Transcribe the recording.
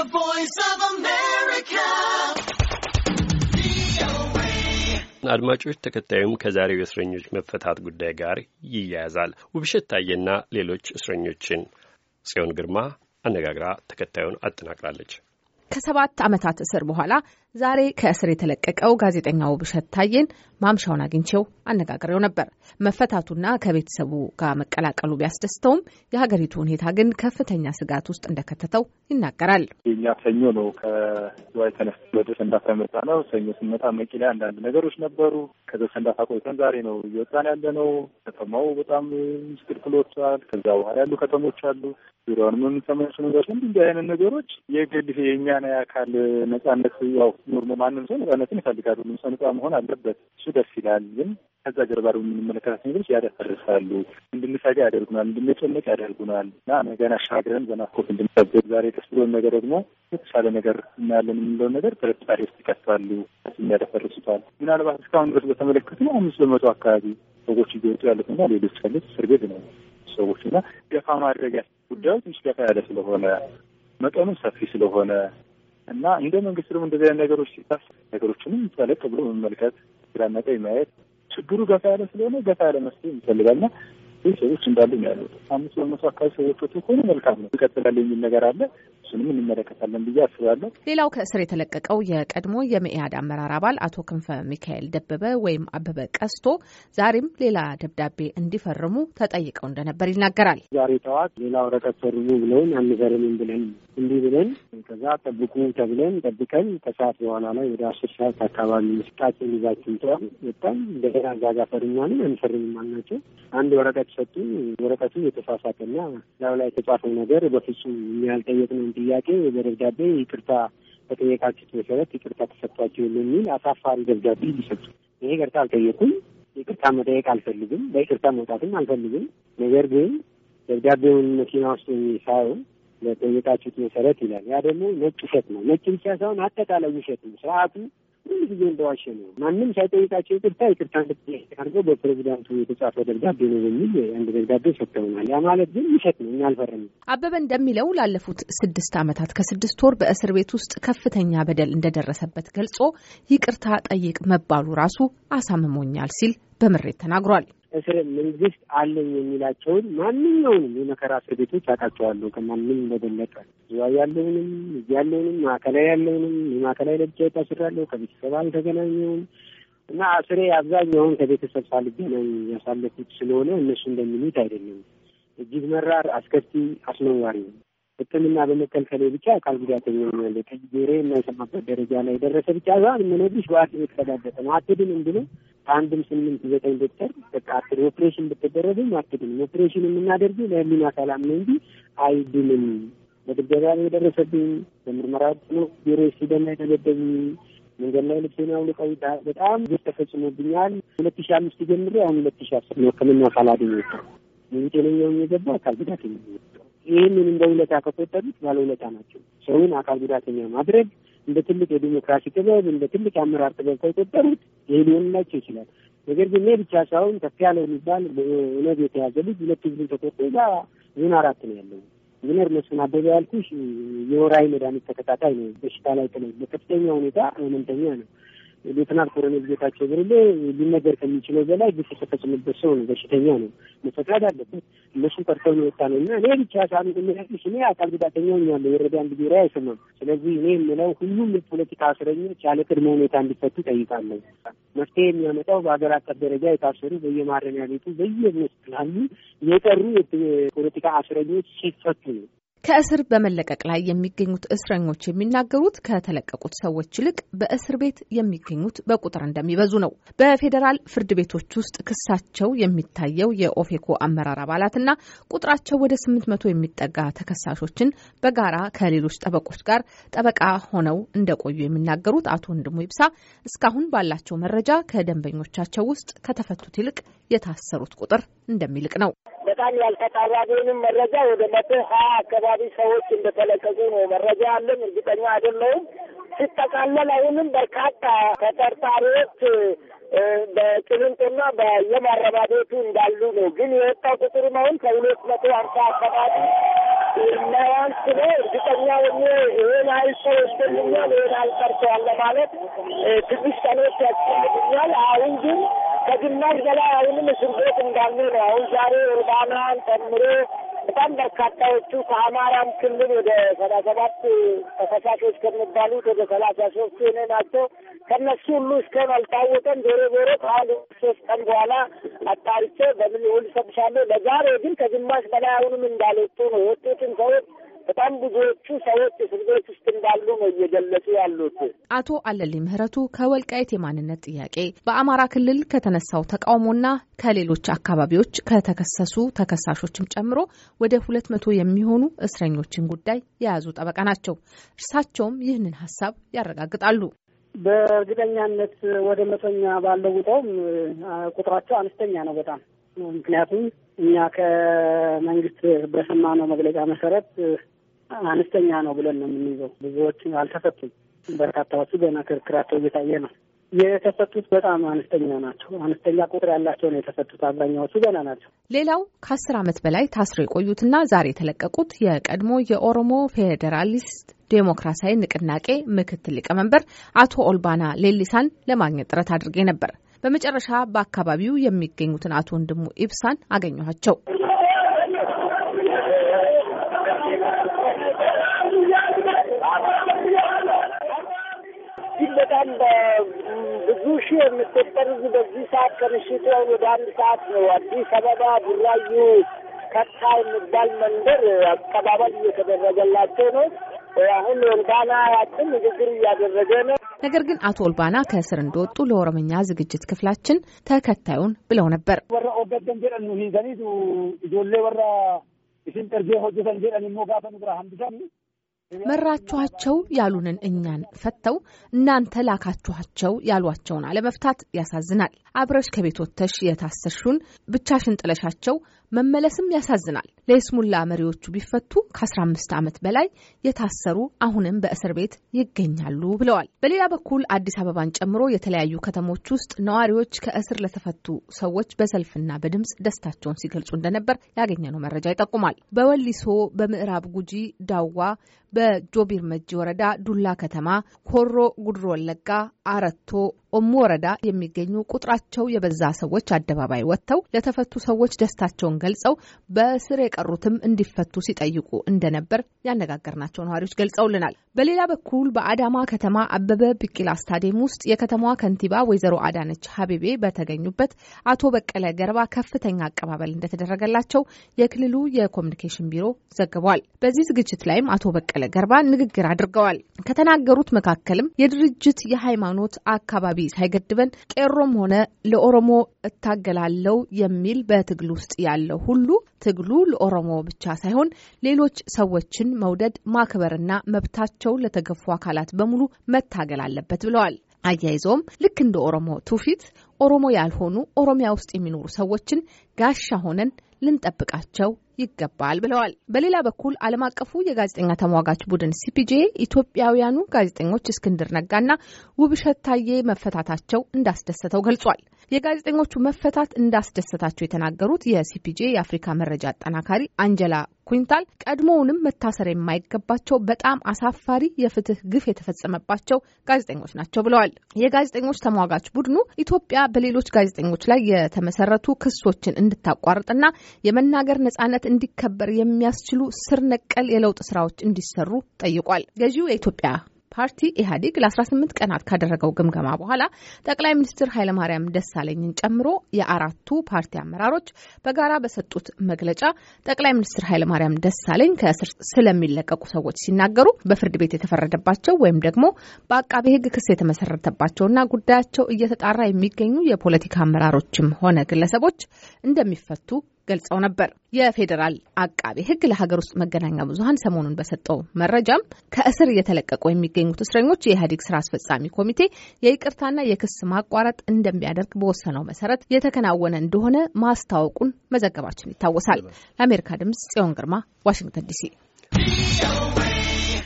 The Voice of America. አድማጮች ተከታዩም ከዛሬው የእስረኞች መፈታት ጉዳይ ጋር ይያያዛል። ውብሸት ታየና ሌሎች እስረኞችን ጽዮን ግርማ አነጋግራ ተከታዩን አጠናቅራለች። ከሰባት ዓመታት እስር በኋላ ዛሬ ከእስር የተለቀቀው ጋዜጠኛ ውብሸት ታዬን ማምሻውን አግኝቼው አነጋግሬው ነበር። መፈታቱና ከቤተሰቡ ጋር መቀላቀሉ ቢያስደስተውም የሀገሪቱ ሁኔታ ግን ከፍተኛ ስጋት ውስጥ እንደከተተው ይናገራል። እኛ ሰኞ ነው ከዋይ ተነስ ወደ ሰንዳፋ የመጣ ነው። ሰኞ ስንመጣ መቂ ላይ አንዳንድ ነገሮች ነበሩ። ከዚ ሰንዳፋ ቆይተን ዛሬ ነው እየወጣን ያለ ነው። ከተማው በጣም ምስቅልቅሎታል። ከዛ በኋላ ያሉ ከተሞች አሉ። ዙሪያውን የምንሰማቸው ነገሮች እንዲ አይነት ነገሮች የግል የእኛ የእኛን የአካል ነጻነት ያው ኖርሞ ማንም ሰው ነጻነትን ይፈልጋሉ። ሁሉም ሰው ነጻ መሆን አለበት። እሱ ደስ ይላል። ግን ከዛ ጀርባ ደግሞ የምንመለከታቸው ነገሮች ያደፈርሳሉ፣ እንድንሰጋ ያደርጉናል፣ እንድንጨነቅ ያደርጉናል እና ነገን አሻግረን በናፍቆት እንድንጠብቅ ዛሬ ደስ ብሎን ነገር ደግሞ የተሻለ ነገር እናያለን የምንለውን ነገር ጥርጣሬ ውስጥ ይከታሉ፣ ያደፈርሱታል። ምናልባት እስካሁን ድረስ በተመለከቱ አምስት በመቶ አካባቢ ሰዎች እየወጡ ያሉት እና ሌሎች ያሉት እስር ቤት ነው ሰዎች እና ገፋ ማድረግ ጉዳዩ ትንሽ ገፋ ያለ ስለሆነ መጠኑም ሰፊ ስለሆነ እና እንደ መንግስት ደግሞ እንደዚህ አይነት ነገሮች ሲታስ ነገሮችንም ጠለቅ ብሎ መመልከት ስላነቀ ቀኝ ማየት ችግሩ ገፋ ያለ ስለሆነ ገፋ ያለ መፍትሄ ይፈልጋልና ሰዎች እንዳሉ ያሉት። አምስት በመቶ አካባቢ ሰዎች ወጥቶ ከሆነ መልካም ነው ይቀጥላል የሚል ነገር አለ። እሱንም እንመለከታለን ብዬ አስባለሁ። ሌላው ከእስር የተለቀቀው የቀድሞ የመኢአድ አመራር አባል አቶ ክንፈ ሚካኤል ደበበ ወይም አበበ ቀስቶ ዛሬም ሌላ ደብዳቤ እንዲፈርሙ ተጠይቀው እንደነበር ይናገራል። ዛሬ ጠዋት ሌላ ወረቀት ፈርሙ ብለውን አንፈርምም ብለን እንዲህ ብለን ከዛ ጠብቁ ተብለን ጠብቀን ከሰዓት በኋላ ላይ ወደ አስር ሰዓት አካባቢ ምስጣችን ይዛችን ተዋል በጣም እንደገና እዛ ጋር ፈርማልን አንፈርምም አልናቸው። አንድ ወረቀት ሰጡ። ወረቀቱ የተሳሳተና ላዩ ላይ የተጻፈው ነገር በፍጹም የሚያልጠየቅ ነው ጥያቄ በደብዳቤ ይቅርታ በጠየቃችሁት መሰረት ይቅርታ ተሰጥቷቸው የሚል አሳፋሪ ደብዳቤ ሊሰጡ ይሄ ይቅርታ አልጠየቁም። ይቅርታ መጠየቅ አልፈልግም፣ በይቅርታ መውጣትም አልፈልግም። ነገር ግን ደብዳቤውን መኪና ውስጥ ሳየው ለጠየቃችሁት መሰረት ይላል። ያ ደግሞ ነጭ ውሸት ነው። ነጭ ብቻ ሳይሆን አጠቃላይ ውሸት ነው። ስርዓቱ ሁሉ ጊዜ እንደዋሸ ነው። ማንም ሳይጠይቃቸው ይቅርታ ይቅርታ እንድትጠይቅ አድርገው በፕሬዚዳንቱ የተጻፈ ደብዳቤ ነው በሚል አንድ ደብዳቤ ሰጥተውናል። ያ ማለት ግን ውሸት ነው፣ እኛ አልፈረም። አበበ እንደሚለው ላለፉት ስድስት ዓመታት ከስድስት ወር በእስር ቤት ውስጥ ከፍተኛ በደል እንደደረሰበት ገልጾ ይቅርታ ጠይቅ መባሉ ራሱ አሳምሞኛል ሲል በምሬት ተናግሯል። እስር መንግስት አለኝ የሚላቸውን ማንኛውንም የመከራ እስር ቤቶች አውቃቸዋለሁ። ከማንም በበለጠ ዝዋይ ያለውንም እዚ ያለውንም ማዕከላዊ ያለውንም የማዕከላዊ ለብቻ ወጣ ከቤተሰብ አልተገናኘውም እና አስሬ አብዛኛውን ከቤተሰብ ሳልገናኝ ያሳለፉት ስለሆነ እነሱ እንደሚሉት አይደለም። እጅግ መራር፣ አስከፊ፣ አስነዋሪ ነው። ሕክምና በመከልከሌ ብቻ አካል ጉዳት ሆኛለሁ። ከጊዜሬ የማይሰማበት ደረጃ ላይ የደረሰ ብቻ ዛን ምንብሽ በአት ቤት ነው አትድን ብሎ ከአንድም ስምንት ዘጠኝ ዶክተር በቃ አትድ ኦፕሬሽን ብትደረግም አትድን። ኦፕሬሽን የምናደርግ ለህሊና ሰላም ነው እንጂ አይድንም። በድብደባ ነው የደረሰብኝ። በምርመራ ነው ጆሮዬ ሲደማ የተገደቡ መንገድ ላይ ልብሴን አውልቀው በጣም ግፍ ተፈጽሞብኛል። ሁለት ሺ አምስት ጀምሮ አሁን ሁለት ሺ አስር ነው ህክምና ካላድኝ ወጣ ጤነኛውን የገባ አካል ጉዳት ጉዳተኛ ይህንን እንደ ውለታ ከቆጠሩት ውለታ ናቸው። ሰውን አካል ጉዳተኛ ማድረግ እንደ ትልቅ የዲሞክራሲ ጥበብ፣ እንደ ትልቅ የአመራር ጥበብ ከቆጠሩት ይህ ሊሆንላቸው ይችላል። ነገር ግን እኔ ብቻ ሳይሆን ከፍ ያለ የሚባል እውነት የተያዘ ልጅ ሁለት ህዝብን ተቆርጦ እዛ ዞን አራት ነው ያለው። ምንር መስፍን አበበ ያልኩሽ የወራዊ መድኃኒት ተከታታይ ነው። በሽታ ላይ ጥለ በከፍተኛ ሁኔታ ህመምተኛ ነው። ሌትናል ኮሎኔል ጌታቸው ብርሌ ሊነገር ከሚችለው በላይ ግፍ የተፈጸመበት ሰው ነው። በሽተኛ ነው፣ መፈቃድ አለበት። እነሱን ጠርተው የወጣ ነው እና እኔ ብቻ ሳሚ የሚያስ እኔ አካል ጉዳተኛ ሆኛለሁ። የወረዳ አንድ ቢሮ አይሰማም። ስለዚህ እኔ የምለው ሁሉም ፖለቲካ እስረኞች ያለ ቅድመ ሁኔታ እንዲፈቱ ጠይቃለሁ። መፍትሄ የሚያመጣው በሀገር አቀፍ ደረጃ የታሰሩ በየማረሚያ ቤቱ በየመስላሉ የጠሩ የፖለቲካ እስረኞች ሲፈቱ ነው። ከእስር በመለቀቅ ላይ የሚገኙት እስረኞች የሚናገሩት ከተለቀቁት ሰዎች ይልቅ በእስር ቤት የሚገኙት በቁጥር እንደሚበዙ ነው። በፌዴራል ፍርድ ቤቶች ውስጥ ክሳቸው የሚታየው የኦፌኮ አመራር አባላትና ቁጥራቸው ወደ ስምንት መቶ የሚጠጋ ተከሳሾችን በጋራ ከሌሎች ጠበቆች ጋር ጠበቃ ሆነው እንደቆዩ የሚናገሩት አቶ ወንድሙ ይብሳ እስካሁን ባላቸው መረጃ ከደንበኞቻቸው ውስጥ ከተፈቱት ይልቅ የታሰሩት ቁጥር እንደሚልቅ ነው። በጣም ያልተጣራ ቢሆንም መረጃ ወደ መቶ ሀያ አካባቢ ሰዎች እንደተለቀቁ ነው መረጃ ያለን። እርግጠኛ አይደለውም። ሲጠቃለል አሁንም በርካታ ተጠርጣሪዎች በቅልንጦና በየማረሚያ ቤቱ እንዳሉ ነው። ግን የወጣው ቁጥርም አሁን ከሁለት መቶ አምሳ አካባቢ የማያንስ ነው። እርግጠኛ ሆኜ ይሄን ሀይል ሰው ወስደልኛል፣ ይህን ሀይል ለማለት ትንሽ ቀኖች ያስፈልግኛል። አሁን ግን ከግማሽ በላይ አሁንም እስር ቤት እንዳሉ ነው። አሁን ዛሬ ኦልባናን ጨምሮ በጣም በርካታዎቹ ከአማራም ክልል ወደ ሰባ ሰባት ተፈሳሾች ከሚባሉት ወደ ሰላሳ ሶስቱ እኔ ናቸው። ከነሱ ሁሉ እስከን አልታወቀም። ዞሮ ዞሮ ከአንድ ሶስት ቀን በኋላ አጣርቼ በምን ይሁን ሰብሻለሁ። ለዛሬ ግን ከግማሽ በላይ አሁንም እንዳልወጡ ነው የወጡትን ሰዎች በጣም ብዙዎቹ ሰዎች እስር ቤት ውስጥ እንዳሉ ነው እየገለጹ ያሉት። አቶ አለሊ ምህረቱ ከወልቃይት የማንነት ጥያቄ በአማራ ክልል ከተነሳው ተቃውሞና ከሌሎች አካባቢዎች ከተከሰሱ ተከሳሾችም ጨምሮ ወደ ሁለት መቶ የሚሆኑ እስረኞችን ጉዳይ የያዙ ጠበቃ ናቸው። እርሳቸውም ይህንን ሀሳብ ያረጋግጣሉ። በእርግጠኛነት ወደ መቶኛ ባለውጠውም ቁጥራቸው አነስተኛ ነው በጣም ምክንያቱም እኛ ከመንግስት በሰማነው መግለጫ መሰረት አነስተኛ ነው ብለን ነው የምንይዘው። ብዙዎች አልተፈቱም። በርካታዎቹ ገና ክርክራቸው እየታየ ነው። የተፈቱት በጣም አነስተኛ ናቸው። አነስተኛ ቁጥር ያላቸው ነው የተፈቱት። አብዛኛዎቹ ገና ናቸው። ሌላው ከአስር ዓመት በላይ ታስረው የቆዩትና ዛሬ የተለቀቁት የቀድሞ የኦሮሞ ፌዴራሊስት ዴሞክራሲያዊ ንቅናቄ ምክትል ሊቀመንበር አቶ ኦልባና ሌሊሳን ለማግኘት ጥረት አድርጌ ነበር። በመጨረሻ በአካባቢው የሚገኙትን አቶ ወንድሙ ኢብሳን አገኘኋቸው። በጣም በብዙ ሺህ የሚቆጠር ህዝብ በዚህ ሰዓት ከምሽቱ ወደ አንድ ሰዓት ነው አዲስ አበባ ቡራዩ ከታ የሚባል መንደር አቀባበል እየተደረገላቸው ነው። አሁን ወልባና ያችን ንግግር እያደረገ ነው። ነገር ግን አቶ ኦልባና ከእስር እንደወጡ ለኦሮምኛ ዝግጅት ክፍላችን ተከታዩን ብለው ነበር። ወራ መራችኋቸው ያሉንን እኛን ፈተው እናንተ ላካችኋቸው ያሏቸውን አለመፍታት ያሳዝናል። አብረሽ ከቤት ወጥተሽ የታሰሹን ብቻሽን ጥለሻቸው መመለስም ያሳዝናል። ለይስሙላ መሪዎቹ ቢፈቱ ከ15 ዓመት በላይ የታሰሩ አሁንም በእስር ቤት ይገኛሉ ብለዋል። በሌላ በኩል አዲስ አበባን ጨምሮ የተለያዩ ከተሞች ውስጥ ነዋሪዎች ከእስር ለተፈቱ ሰዎች በሰልፍና በድምፅ ደስታቸውን ሲገልጹ እንደነበር ያገኘነው መረጃ ይጠቁማል። በወሊሶ፣ በምዕራብ ጉጂ ዳዋ፣ በጆቢር መጂ ወረዳ ዱላ ከተማ፣ ኮሮ ጉድሮ ወለጋ፣ አረቶ ቆሙ ወረዳ የሚገኙ ቁጥራቸው የበዛ ሰዎች አደባባይ ወጥተው ለተፈቱ ሰዎች ደስታቸውን ገልጸው በስር የቀሩትም እንዲፈቱ ሲጠይቁ እንደነበር ያነጋገርናቸው ነዋሪዎች ገልጸውልናል። በሌላ በኩል በአዳማ ከተማ አበበ ቢቂላ ስታዲየም ውስጥ የከተማዋ ከንቲባ ወይዘሮ አዳነች ሀቤቤ በተገኙበት አቶ በቀለ ገርባ ከፍተኛ አቀባበል እንደተደረገላቸው የክልሉ የኮሚኒኬሽን ቢሮ ዘግቧል። በዚህ ዝግጅት ላይም አቶ በቀለ ገርባ ንግግር አድርገዋል። ከተናገሩት መካከልም የድርጅት የሃይማኖት አካባቢ ሳይገድበን ቄሮም ሆነ ለኦሮሞ እታገላለው የሚል በትግል ውስጥ ያለው ሁሉ ትግሉ ለኦሮሞ ብቻ ሳይሆን ሌሎች ሰዎችን መውደድ ማክበርና መብታቸው ለተገፉ አካላት በሙሉ መታገል አለበት ብለዋል። አያይዘውም ልክ እንደ ኦሮሞ ትውፊት ኦሮሞ ያልሆኑ ኦሮሚያ ውስጥ የሚኖሩ ሰዎችን ጋሻ ሆነን ልንጠብቃቸው ይገባል ብለዋል። በሌላ በኩል ዓለም አቀፉ የጋዜጠኛ ተሟጋች ቡድን ሲፒጄ ኢትዮጵያውያኑ ጋዜጠኞች እስክንድር ነጋና ውብሸት ታዬ መፈታታቸው እንዳስደሰተው ገልጿል። የጋዜጠኞቹ መፈታት እንዳስደሰታቸው የተናገሩት የሲፒጄ የአፍሪካ መረጃ አጠናካሪ አንጀላ ኩንታል ቀድሞውንም መታሰር የማይገባቸው በጣም አሳፋሪ የፍትህ ግፍ የተፈጸመባቸው ጋዜጠኞች ናቸው ብለዋል። የጋዜጠኞች ተሟጋች ቡድኑ ኢትዮጵያ በሌሎች ጋዜጠኞች ላይ የተመሰረቱ ክሶችን እንድታቋርጥና የመናገር ነጻነት እንዲከበር የሚያስችሉ ስር ነቀል የለውጥ ስራዎች እንዲሰሩ ጠይቋል። ገዢው የኢትዮጵያ ፓርቲ ኢህአዴግ ለ18 ቀናት ካደረገው ግምገማ በኋላ ጠቅላይ ሚኒስትር ኃይለማርያም ደሳለኝን ጨምሮ የአራቱ ፓርቲ አመራሮች በጋራ በሰጡት መግለጫ ጠቅላይ ሚኒስትር ኃይለማርያም ደሳለኝ ከእስር ስለሚለቀቁ ሰዎች ሲናገሩ በፍርድ ቤት የተፈረደባቸው ወይም ደግሞ በአቃቤ ሕግ ክስ የተመሰረተባቸውና ጉዳያቸው እየተጣራ የሚገኙ የፖለቲካ አመራሮችም ሆነ ግለሰቦች እንደሚፈቱ ገልጸው ነበር። የፌዴራል አቃቤ ሕግ ለሀገር ውስጥ መገናኛ ብዙኃን ሰሞኑን በሰጠው መረጃም ከእስር እየተለቀቁ የሚገኙት እስረኞች የኢህአዴግ ስራ አስፈጻሚ ኮሚቴ የይቅርታና የክስ ማቋረጥ እንደሚያደርግ በወሰነው መሰረት የተከናወነ እንደሆነ ማስታወቁን መዘገባችን ይታወሳል። ለአሜሪካ ድምጽ ጽዮን ግርማ ዋሽንግተን ዲሲ